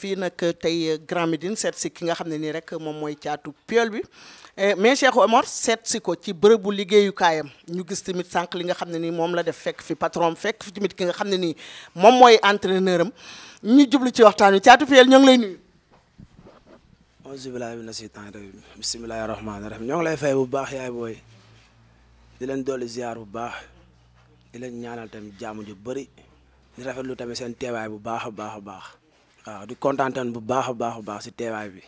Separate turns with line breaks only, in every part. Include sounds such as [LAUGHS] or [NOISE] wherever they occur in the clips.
fii nag tey Grand Médine seet si ki nga xam ne nii rek moom mooy caatu Puyol bi eh, mais Cheikh Omar seet si ko ci bërëbu liggéeyukaayam ñu gis tamit sànq li nga xam ne nii moom la def fekk fi patron fekk fi tamit ki nga xam ne nii moom mooy entraîneur am ñu jublu ci waxtaan wi caatu Puyol ñoo ngi lay nuyu.
auzubillahi mina seytaani rajiim bismillahi rahmaani rahiim ñoo ngi lay fay bu baax yaay booy di leen dolli ziar bu baax di leen ñaanal tamit jaamu ju bari di rafetlu tamit seen teewaay bu baax a baax a baax. waaw di kontaan bu baax a baax a baax si teewaay bi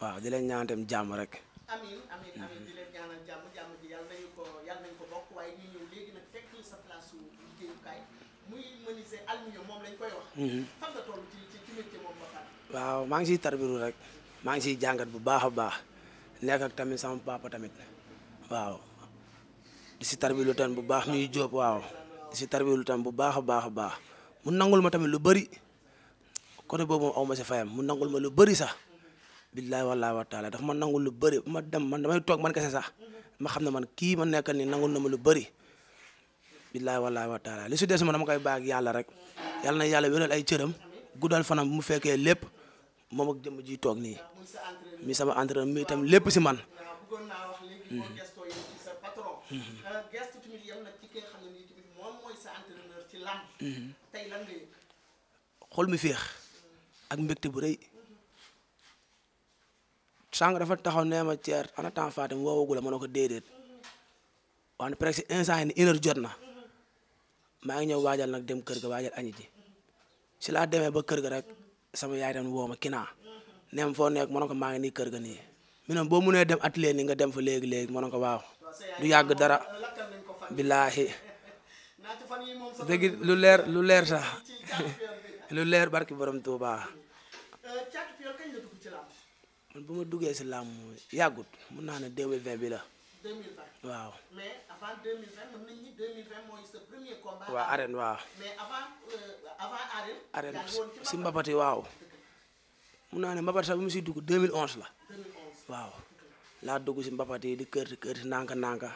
waaw di leen ñaan tam jàmm rek.
amiin amiin amiin di leen ñaanal jàmm jàmm bi yàlla nañu ko yàlla nañu ko bokk waaye ñu ñëw léegi nag fekk sa place su liggéeyukaay muy menuisier aluminium moom lañ koy wax. Mhm. fan nga toll ci ci ci métier moom ba tax.
waaw maa ngi siy tarbiru rek maa ngi siy jàngat bu baax a baax nekk ak tamit sama papa tamit waaw di si tarbiru tam bu baax muy jóob waaw di si tarbiru tam bu baax a baax a baax mu nangul ma tamit lu bëri. côté boobu ma si fayam mu nangul ma lu bari sax billahi wallahi wa taala dafa ma nangul lu bari ma dem man damay toog man kese sax ma xam ne man kii ma nekkal ni nangul na ma lu bari billahi wallahi wa taala li si des ma dama koy bàyyi yàlla rek yàlla na yàlla wéral ay cëram guddal fanam bu mu fekkee lépp moom ak jëmm ji toog nii mi sama entraîneur mi itam lépp si man mm-hmm. xol mi féex ak mbégte bu rëy sànq dafa taxaw nee ma ceer ana temps Fatim woowagu la ma ne ko déedéet wante presque ni une jot na maa ngi ñëw waajal na dem kër ga waajal añi ji si laa demee ba kër ga rek sama yaay tam woo ma kinaa nee foo nekk ma ne ko maa ngi nii kër ga nii mi ne boo munee dem atelier ni nga dem fa léegi-léegi ma ne ko waaw du yàgg dara billaahi lu leer lu leer sax [LAUGHS] lu leer barki borom Touba.
Thiatou bu ma
duggee si làmb yàggut mun naa ne 2020 bi la.
2020 waaw. mais waaw si
mbapat waaw. mun naa ne mbapat sax bi mu siy dugg 2011 la. waaw. laa dugg si mbapat yi di kër kër nanka nanka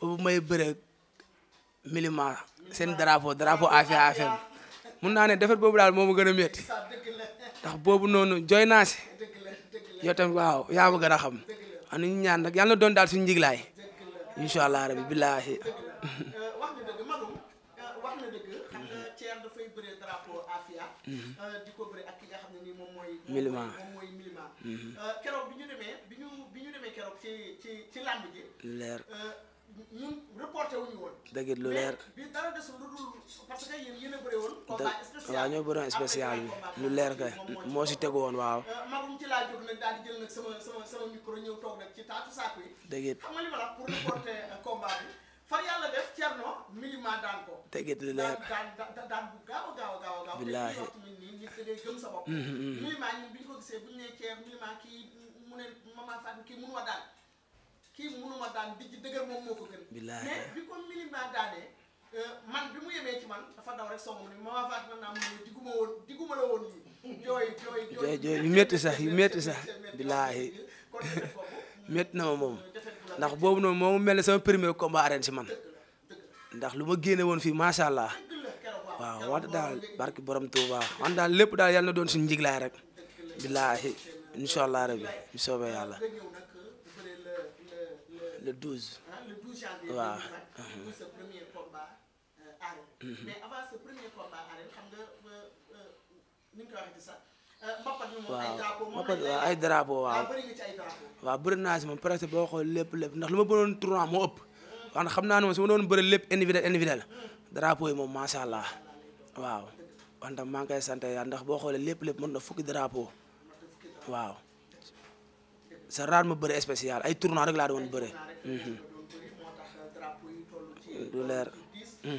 boobu may bëre milima seen drapeau drapeau affaire affaire. mun naa ne defet boobu daal moom ma gën a métti ndax boobu noonu jooy naa si waaw yaa ma gën a xam anu ñu ñaan nag yàlla na doon daal si njiglaay incha allah rabbi billaahi
di keroog bi ñu demee keroog ci làmb ji. leer. Euh, ñun lu leer bi dara desul lu dul parce que yéen yéen a woon. waaw ñoo bëri spécial bi lu leer ka moo si tegu woon waaw. Euh, magum ci laa jóg nag daal di jël nag sama sama sama micro ñëw toog nag ci taatu saako yi. dëgg it xam euh, lu leer billaahi [LAUGHS] kii munuma jooy jooy
yu métti sax yu métti sax. billaahi [LAUGHS] métti na ma moom. ndax boobu noonu moo mel ni sama premier combat arène man. ndax lu ma génne woon fii macha allah. waaw wante daal barki borom Touba wante daal lépp daal yàlla na doon si njiglaay rek. billaahi incha rabbi bu soobee yàlla.
le 12. ah le 12 euh, mhm. euh, euh, waaw moom ay drapeaux waaw
ay si moom presque boo xoolee lépp ndax lu ma bëroon tournoi moo ëpp. wax xam naa ne moom su ma doon bëri lépp individuel individuel drapeaux yi moom macha allah waaw. wante maa ngi koy sant ndax boo xoolee lépp lépp mën na fukki drapeaux waaw. sa raar ma bëre spécial ay tournoi rek laa doon bëre. Mhm. du leer. Mhm. Euh, nga mhm. euh,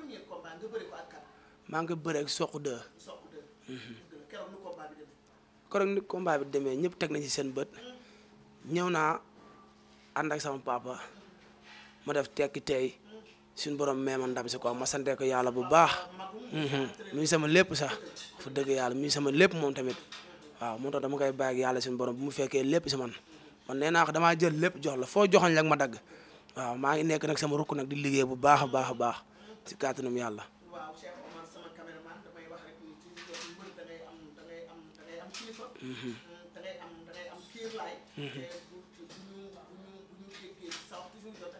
nga bëre ak kan.
maa ngi bëre ak bi demee. keroog ñëpp teg nañ ci seen bët. ñëw naa ànd ak sama papa ma def tekki suñu borom meema ndam si quoi ma sante ko yàlla bu baax muy mhm. sama lépp sax fu dëgg yàlla muy sama lépp moom tamit waaw moo tax dama koy bàyyi ak yàlla suñu borom bu mu fekkee lépp si man man nee naa ko damaa jël lépp jox la foo joxoñ rek ma dagg waaw maa ngi nekk nag sama rukk nag di liggéey bu baax a baax a baax si kàttanum yàlla da ngay am da ngay mhm. euh,
am kiir laay. Mhm. bu ñu bu ñu bu ñu déggee sax toujours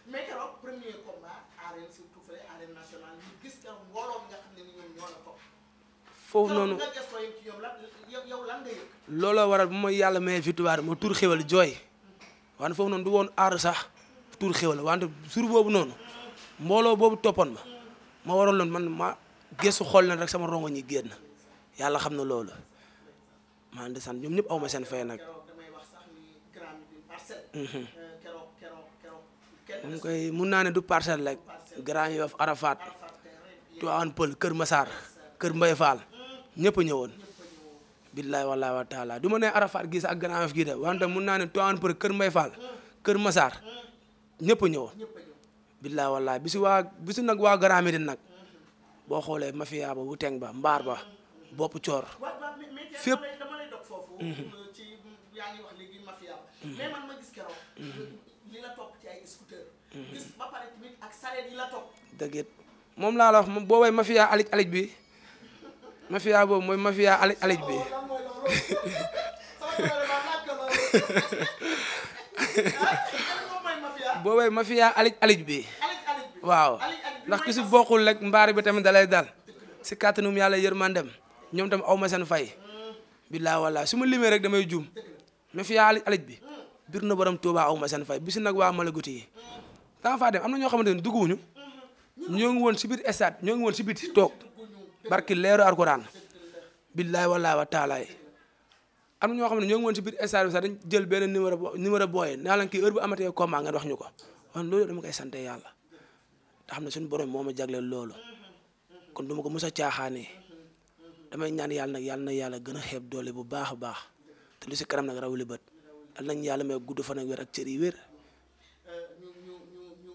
mais keroog premier la
foofu noonu yow lan waral bu ma yàlla may victoire ma tur xéwal jooy wante foofu noonu du woon aar sax tur xéwal wante jour boobu noonu mbooloo boobu toppoon ma ma waraloon man ma gëstu xool na rek sama rongo ñi génn yàlla xam na loolu maa ngi ñoom ñëpp aw ma seen fay nag. moom mun naa ne du parcelle rek Grand Yoff Arafat Tivaouane Peulh Kër Massar Kër Mbaye Fall ñëpp a ñëwoon. billahi wallahi wa taala du ma nee Arafat gis ak Grand Yoff gii de wante mun naa ne Tivaouane Peulh Kër Mbaye Fall Kër Massar ñëpp ñëwoon. billahi wallahi bi waa bi nag waa Grand Médine nag boo xoolee mafia ba Wuteng ba Mbaar ba bopp coor
fépp. li la topp ci ay scooter. gis ba pare tamit ak sareet yi la topp.
dëgg moom laa la wax moom boobay alij alij bi mafia boobu mooy alij alij [LAUGHS] bi. waaw ndax ki si bokkul rek mbaari bi tamit dalay dal si kàttanum yàlla yërmandem ñoom tam aw seen fay. Mm. billaa wallaa su ma limee rek damay juum mafia alij alij bi. Mm. bir na borom Touba aw ma seen fay bisi nag waa Malaguti yi dama faa dem am na ñoo xamante ne dugguwuñu ñoo ngi woon si biir stade ñoo ngi woon si biti toog barki leeru Alxuraan billaay wallaay wa taalaay am na ñoo xam ne ñoo ngi woon si biir stade bi sax dañ jël benn numéro numéro booyee naa leen kii heure bu amatee combat ngeen wax ñu ko kon loolu dama koy sante yàlla te xam ne suñu borom moo ma jagleel loolu kon duma ko mos a caaxaanee damay ñaan yàlla nag yàlla na yàlla gën a xeeb doole bu baax a baax te lu si kanam nag rawli bët al yàlla may gudd fan ak wér ak cër yi wér. ñu ñu ñu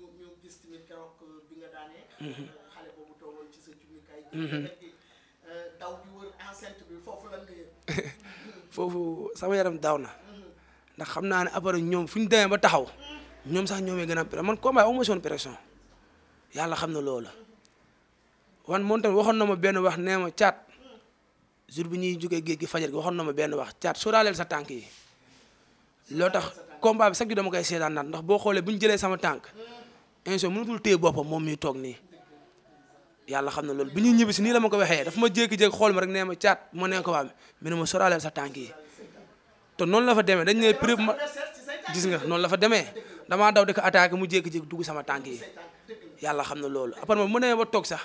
ñu foofu sama yaram daaw na. Mm-hmm. ndax xam naa ne après ñoom fu ñu demee ba taxaw. ñoom sax ñoomee gën a am man combat amu ma son pression yàlla xam na loola. wan moom tamit waxoon na ma benn wax nee ma caat jour bi ñuy jógee géej gi fajar gi waxoon na ma benn wax caat sóoraaleel sa tànk yi. loo tax combat bi chaque jour dama koy seetaan naat ndax boo xoolee bu ñu jëlee sama tànk instant mënatul téye boppam moom miy toog nii yàlla xam na loolu bi ñuy ñibbi si nii la ma ko waxee dafa ma jékki-jékki xool rek nee ma ma nee ko waa mi ne ma soraaleel sa tànk yi te noonu la demee dañ ne pré ma
gis nga noonu la demee
damaa daw di ko attaqué mu jékki-jékki dugg sama tànk yàlla xam na loolu après ma mu nee ba toog sax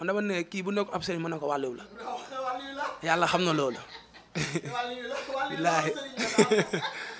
man dama kii bu nekk ab sëriñ mën na ko wàlluw
yàlla xam na loolu. wallaahi [LAUGHS] [LAUGHS]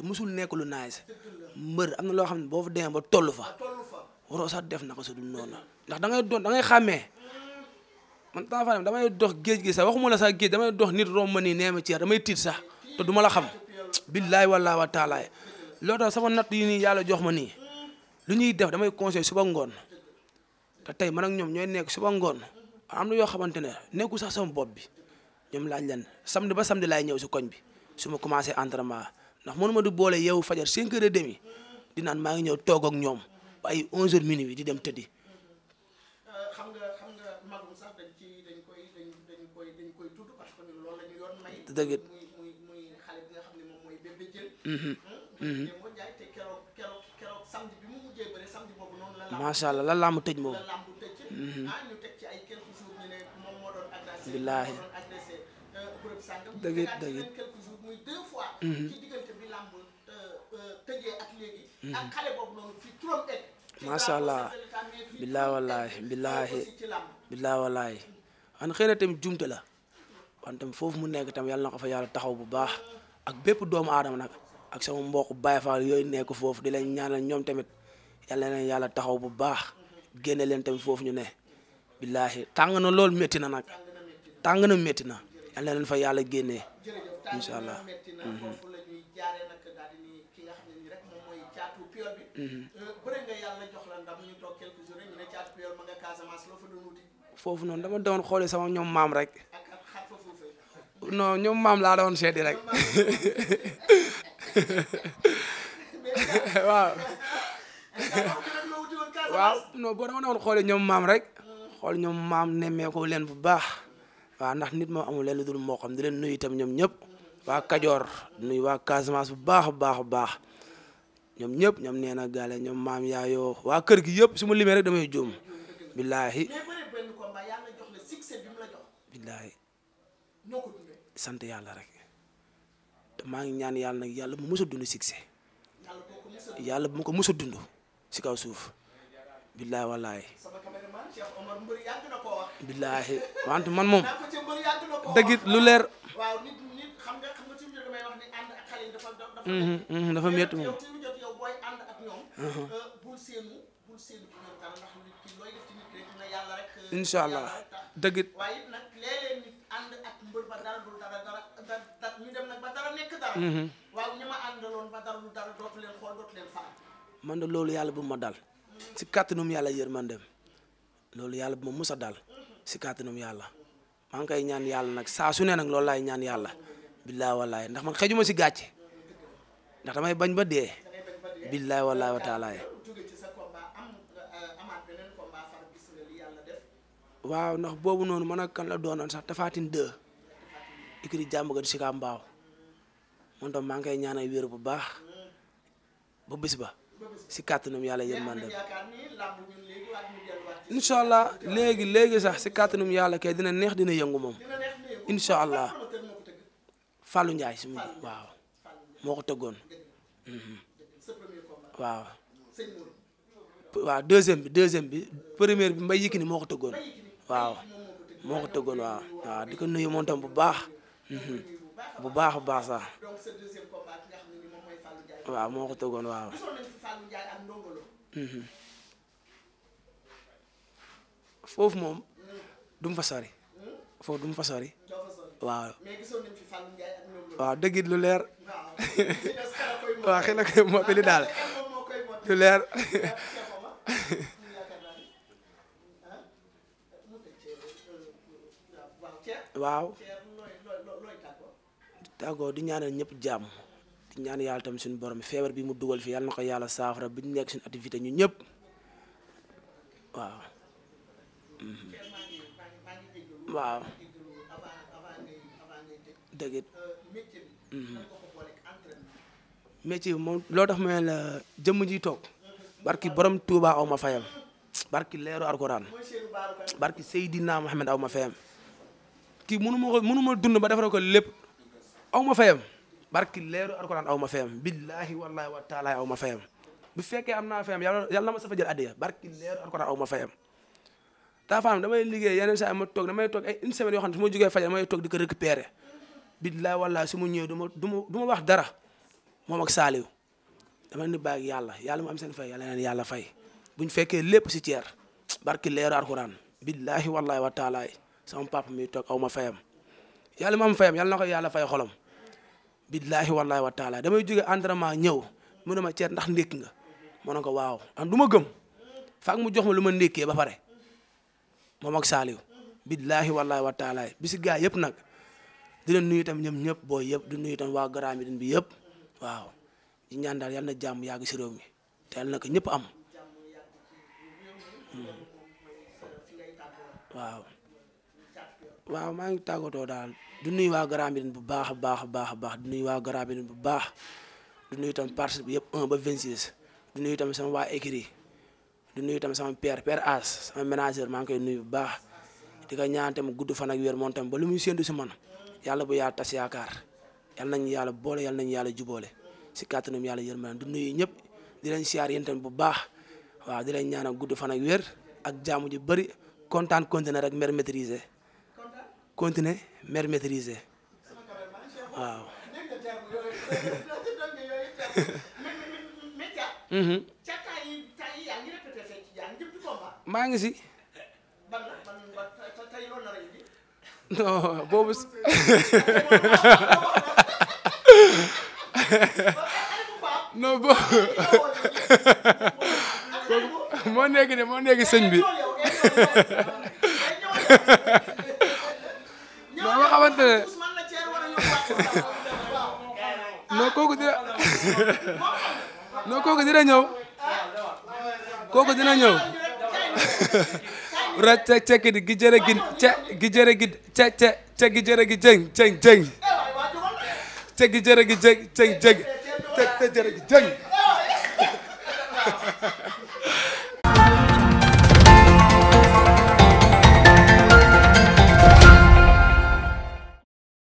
te musul nekk lu nice mbër amna lo xamne bo fa dem ba tollu fa waro sa def nako su du nono ndax da ngay don da ngay xamé man ta fa damay dox geej gi sa waxuma la sa geej damay dox nit romb ni neema ci damay tit sa te duma la xam billahi wallahi wa ta'ala lo do sama nat yi ni yalla jox ma ni lu ñuy def damay conseil suba ngon te tay man ak ñom ñoy nekk suba ngon am lu yo xamantene neeku sax sama bop bi ñom laaj lan samedi ba samedi lay ñew si koñ bi suma commencé entraînement ndax mënuma di boole yeewu fajar 5 heures demi di naan maa ngi ñëw toog ak ñoom ba ay 11 heures di dem tëddi. Euh, xam nga xam nga muy
muy muy mhm, mhm. bi mu mujjee bëre samedi boobu noonu la. macha tëj moom mhm. ah, billaahi. bërëb sàngam. dëgg dëgg quelques jours muy deux fois. Mhm. ci diggante bi làmb euh, mhm. allah bilaa walaay bilaahi
bilaa walaay an tamit jumte la wante foofu mu nekk tam yàlla na ko fa yàlla taxaw bu baax ak bépp doomu aadama nag ak sama mbokk Baay Faal yooyu nekk foofu di leen ñaanal ñoom tamit yàlla leen yàlla taxaw bu baax génne leen tamit foofu ñu ne bilaahi tàng na lool metti na nag tàng na metti na yal na fa yàlla génnee incha allah. Mhm.
Mhm. Euh,
foofu noonu dama doon xoole sama ñoom maam rek noo ñoom maam laa doon seeti rek [LAUGHS] waaw [LAUGHS] waaw non boo dama doon xoolee ñoom maam rek mm. xool ñoom maam nemmee ko leen bu baax wa ndax nit mo amul lenn dul mo xam di leen nuyu tam ñom ñep wa kadior nuyu wa Casamance bu baax baax baax ñom ñep ñom neena na gaale ñoom maam yaayoo waa kër gi yep suma limé rek damay joom billahi billaahi sant yàlla rek ma ngi ñaan yalla nak yalla mu mos dund succès yàlla bu ma ko mos dund ci kaw suuf billahi wallahi
Cheikh Omar mbër
billaahi wante man moom
ko lu leer waaw dafa dafa mhm, mhm, dafa moom yow mhm. euh, ci jot euh,
na da loolu yàlla bu ma dal si kàttanum yàlla yërmandem loolu yalla bima musa dal ci katanum yalla man kay ñaan yalla nak sa su ne nak loolu lay ñaan yalla billahi wallahi ndax man xejuma ci gatché ndax damay bañ ba dé
billahi wallahi wa taala
waaw ndax bobu nonu man ak kan la donon sax tafatin 2 ikri jàmm ga di si kaa mbaaw moom tam maa ngi koy bu baax ba bis ba si kàttanum yàlla incha allah léegi léegi sax si kàttanum yàlla kay dina neex dina yëngu moom incha allah Fallou Ndiaye si mujj waaw moo ko tëggoon mhm. waaw waaw deuxième bi deuxième bi première bi Mbaye Yékini moo ko tëggoon waaw moo ko tëggoon waaw di ko nuyu moom tam bu baax bu baax baax sax waaw moo ko tëggoon waaw. foofu moom du mu fa sori foofu du mu fa sori waaw waaw dëgg lu leer [LAUGHS] waaw xëy na [LAUGHS] di ñaanal ñëpp jàmm di ñaan yàlla tam suñu borom feebar bi mu dugal fi yàlla na ko yàlla saafara bi ñu nekk suñu activité ñu ñëpp waaw
Mm-hmm.
waaw dëgg it mm-hmm. moom loo tax ma la jëmm ji toog barki borom Touba aw ma fayam barki leeru Alxuraan barki Seydina Mohamed aw ma fayam kii mënu ma ko mënu ma dund ba defara ko lépp aw ma fayam barki leeru Alxuraan aw ma fayam billaahi wallaahi wa taala aw ma fayam bu fekkee am naa fayam yàlla yàlla na ma sa fa jël addiya barki leeru Alxuraan aw ma fayam taafaam damay liggéey yeneen saa ma toog damay toog ay une semaine yoo xam ne su ma jógee fajar damay toog di ko récupérer billaay wallaay su ma ñëwee duma duma du wax dara moom ak Saliou dama ni bàyyi yàlla yàlla mu am seen fay yàlla neen yàlla fay buñ fekkee lépp si ceer barki leeru alxuraan billaahi wallahi wa taala sama papa mi toog aw ma fayam yàlla mu am fayam yàlla na ko yàlla fay xolam billaahi wallahi wa taala damay jógee entraînement ñëw mu ne ma ceer ndax ndékki nga ma ne ko waaw an duma gëm faak mu jox ma lu ma ndékkee ba pare moom ak saaliw billaahi wallaahi wa ta'ala bi si gaa yëpp nag di len nuyu tam ñom ñep boy yep di nuyu tam wa Grand Médine bi yep waaw di ñaan daal yàlla na jàmm yàgg si mi te nak ñep am
hmm. waaw waaw
ma ngi tagoto dal di nuyu wa Grand Médine bu baax baax baax baax di nuyu wa Grand Médine bu baax di nuyu tam parce bi yep 1 ba 26 di nuyu tam sama wa écrit di nuyu tam sama père père As sama ménageur maa ngi koy nuyu bu baax di ko ñaan tam gudd fan ak wér moom tam ba lu muy séntu si man yàlla bu yaa tas yaakaar yàlla nañ yàlla boole yàlla nañu yàlla jubóole si kàttanam yàlla yërmande di nuyu ñëpp di leen siyaar yéen tam bu baax waaw di leen ñaanal gudd fan ak wér ak jaamu ju bari kontaan continuer rek mer maîtriser continuer mer maîtriser waaw.
[LAUGHS] [LAUGHS]
maa Não, si. Não, boobu. non boobu. moo nekk de Não nekk Não bi. non nga xamante ne. não. kooku dina. não. kooku dina ñëw. kooku dina ñëw. rot cek cek di gi jërë gi ce gi jërë gi ce ce ce gi jërë gi jëng jëng jëng ce gi jërë gi jëng jëng jëng ce ce jërë gi jëng